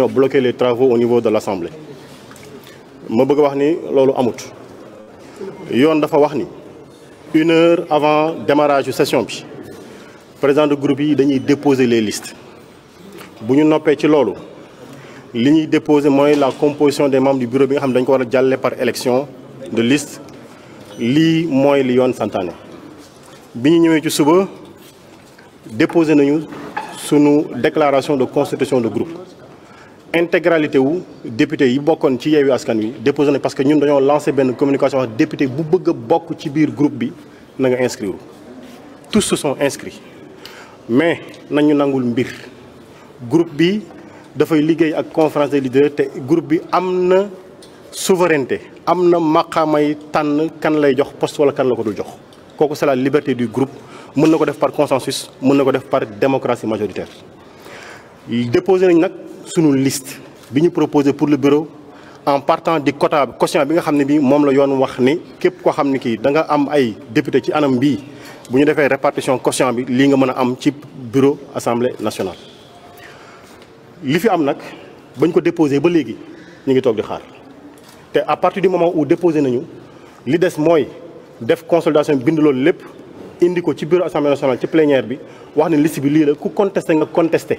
ont bloqué les travaux au niveau de l'Assemblée ma c'est wax ni loolu amut yoon dafa wax ni une heure avant le démarrage de la session le président du groupe a déposé les listes Si ñu noppee ci loolu déposer la composition des membres du bureau qui nga xam a par élection de liste li yoon santaane bi nous ñëwee ci suba déposer nañu déclaration de constitution de groupe intégralité wu député yi bokkoon ci Yewwi Askan Wi déposé parce que ñun dañoo lancé benn communication wax député bu bëgg a bokk ci biir groupe bi na nga tous se sont inscrits mais nañu nangul mbir groupe bi dafay liggéey ak conférence des leaders te groupe bi am na souveraineté am na maqaamay tànn kan lay jox poste wala kan la ko jox c'est la liberté du groupe mën na ko def par consensus mën na ko def par démocratie majoritaire déposé nañ nag une liste bi ñu proposé pour le bureau en partant du quota quotient bi nga xam ne bi moom la yoon wax ni képp ko xam ki da nga am ay député ci anam bi bu ñu répartition quotient bi li nga mëna am ci bureau assemblée nationale li fi am nak bañ ko déposé ba légui ñu ngi tok di xaar te à partir du moment où déposé nañu li dess moy def consolidation bind loolu lepp indi ko ci bureau assemblée nationale ci plénière bi wax ni liste bi li la ku contester nga contester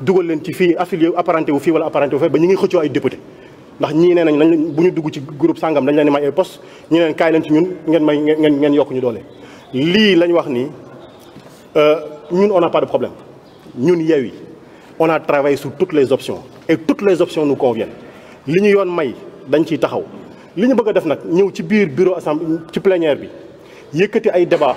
Nous len ci fi affilié apparenté wala apparenté ba ngi groupe Sangam, dañ may ay poste ñi ci ñun may pas de problème ñun yewi on a travaillé sur toutes les options et toutes les options nous conviennent li yoon may dañ ci taxaw li bëgg def ñëw ci bureau plénière bi avons ay débat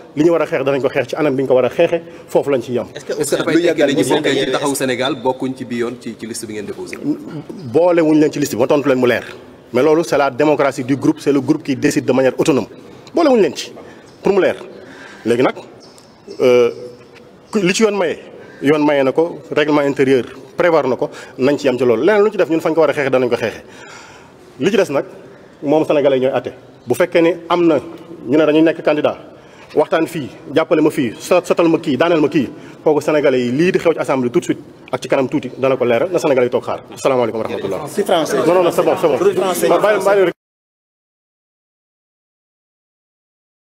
li ñu war a xeex danañ ko xeex ci anam bi ñu ko war a xeexe foofu lañ ci yem. est-ce que lu yàgg dañuy leen ci liste bi ma tontu leen mu leer mais loolu c'est la démocratie du groupe c'est le groupe qui décide de manière autonome boole wuñ leen ci pour mu leer léegi nag euh, li ci yoon maye yoon maye na ko règlement intérieur prévoir na ko nañ ci yem ci loolu leneen lu ci def ñun fañ ko war a xeexe danañ ko xeexe li ci des nag moom sénégalais ñooy ate bu fekkee ni am na ñu ne dañuy nekk candidat waxtaan fii jàppale ma fii sotal ma kii daaneel ma kii kooku sénégalais yi lii di xew ci assemblée tout de suite ak ci kanam tuuti dana ko leeral na sénégalais yi toog xaar asalaamaaleykum wa rahmatullah non non c'est bon c'est bon